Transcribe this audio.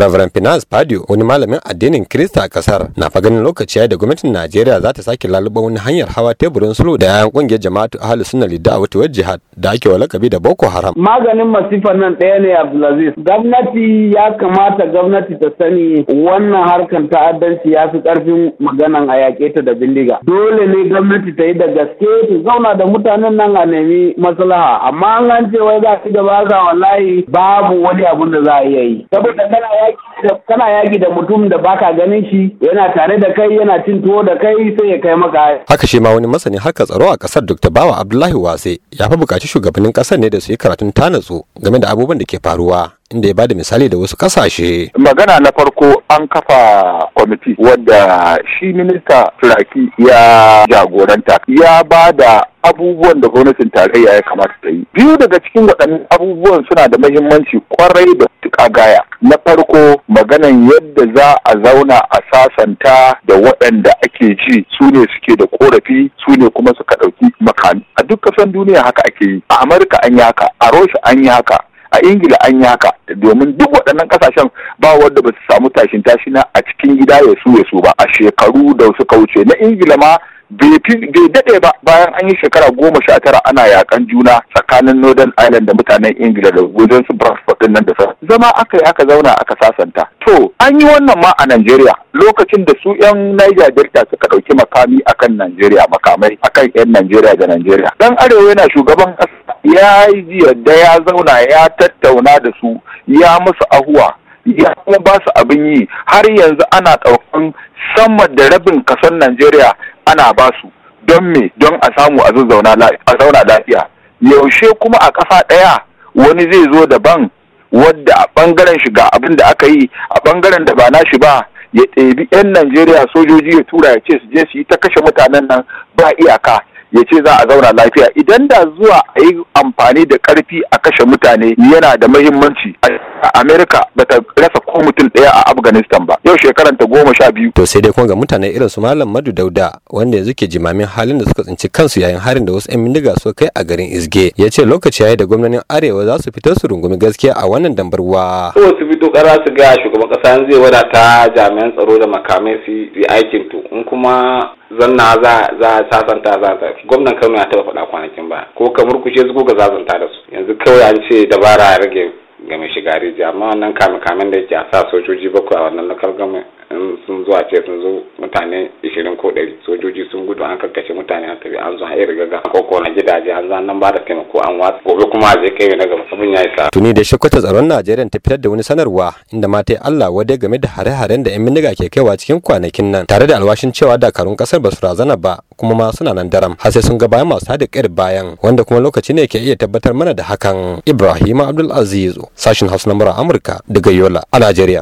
Reverend Finance Padio wani malamin addinin Kirista a kasar na fa ganin lokaci ya da gwamnatin Najeriya za ta sake laluba wani hanyar hawa teburin sulhu da yayan kungiyar jama'atu ahlus sunna lidda wata wajh jihad da ake wa lakabi da Boko Haram. Maganin masifa nan ɗaya ne Abdulaziz. Gwamnati ya kamata gwamnati ta sani wannan harkar ta'addanci ya fi ƙarfin maganan a yaƙe ta da bindiga. Dole ne gwamnati ta yi da gaske ta zauna da mutanen nan a nemi maslaha amma an ce wai za ci gaba wallahi babu wani abun da za a iya yi. Saboda kana kana yaki da mutum da baka ganin shi yana tare da kai yana cin tuwo da kai sai ya kai maka haka shi ma wani masani haka tsaro a kasar Dr. Bawa Abdullahi Wase ya fa bukaci shugabannin kasar ne da su yi karatun tanatsu game da abubuwan da ke faruwa inda ya bada misali da wasu kasashe. Magana na farko an kafa kwamiti wadda shi minista Turaki ya jagoranta ya ba da abubuwan da gwamnatin tarayya ya kamata ta yi. Biyu daga cikin waɗannan abubuwan suna da mahimmanci kwarai da tuka gaya. na farko maganan yadda za a zauna a sasanta da waɗanda ake ji su ne suke da korafi su ne kuma suka ɗauki makami a duk kasan duniya haka ake yi a amurka an yi haka a rosha an yi haka a ingila an yi haka domin duk waɗannan ƙasashen ba wanda ba su samu tashin tashina a cikin gida ya su ya su ba a shekaru da suka wuce na ingila ma bai daɗe ba bayan an yi shekara goma sha tara ana yaƙan juna tsakanin northern ireland da mutanen ingila da wajen su din nan da sa zama aka yi aka zauna aka sasanta to an yi wannan ma a Najeriya lokacin da su yan Niger Delta suka ɗauki makami akan Najeriya makamai akan yan Najeriya da Najeriya dan arewa yana shugaban ƙasa ya yi yadda ya zauna ya tattauna da su ya musu ahuwa ya kuma ba su abin yi har yanzu ana ɗaukan sama da rabin kasan Najeriya ana ba su don me don a samu a zauna lafiya yaushe kuma a ƙasa ɗaya wani zai zo daban wadda a bangaren shi abin da aka yi a ɓangaren da ba nashi ba ya ɗebi 'yan najeriya sojoji ya tura ya ce su je su yi ta kashe mutanen nan ba iyaka ya ce za a zauna lafiya idan da zuwa a yi amfani da ƙarfi a kashe mutane yana da muhimmanci amerika ba ta rasa ko mutum ɗaya a afghanistan ba yau shekaran ta goma sha biyu to sai dai kuma ga mutane irin su malam madu dauda wanda yanzu ke jimamin halin da suka tsinci kansu yayin harin da wasu 'yan bindiga suka kai a garin izge ya ce lokaci ya yi da gwamnanin arewa za su fitar su rungumi gaskiya a wannan dambarwa ko su fito kara su ga shugaban kasa yanzu zai wadata jami'an tsaro da makamai su yi aikin to in kuma zanna za za sasanta za ta gwamnan Kano ya taba faɗa kwanakin ba ko ka murkushe su ko ka zazanta da su yanzu kawai an ce dabara ya rage game shiga rijiya amma wannan kame kamen da yake sa sojoji bakwai a wannan local game. in sun zuwa ce sun zo mutane 20 ko 100 sojoji sun gudu an karkashe mutane an tabi an zo a irin gaga ko ko na gidaje an zo nan ba da taimako an watsa gobe kuma a zai kai na gaba abin ya isa. tuni da shakwata tsaron najeriya ta fitar da wani sanarwa inda ma ta allah wadai game da hare-haren da yan bindiga ke kaiwa cikin kwanakin nan tare da alwashin cewa dakarun kasar ba su razana ba kuma ma suna nan daram har sai sun ga bayan masu haɗa ƙir bayan wanda kuma lokaci ne ke iya tabbatar mana da hakan ibrahim Aziz sashin hausa na amurka daga yola a najeriya.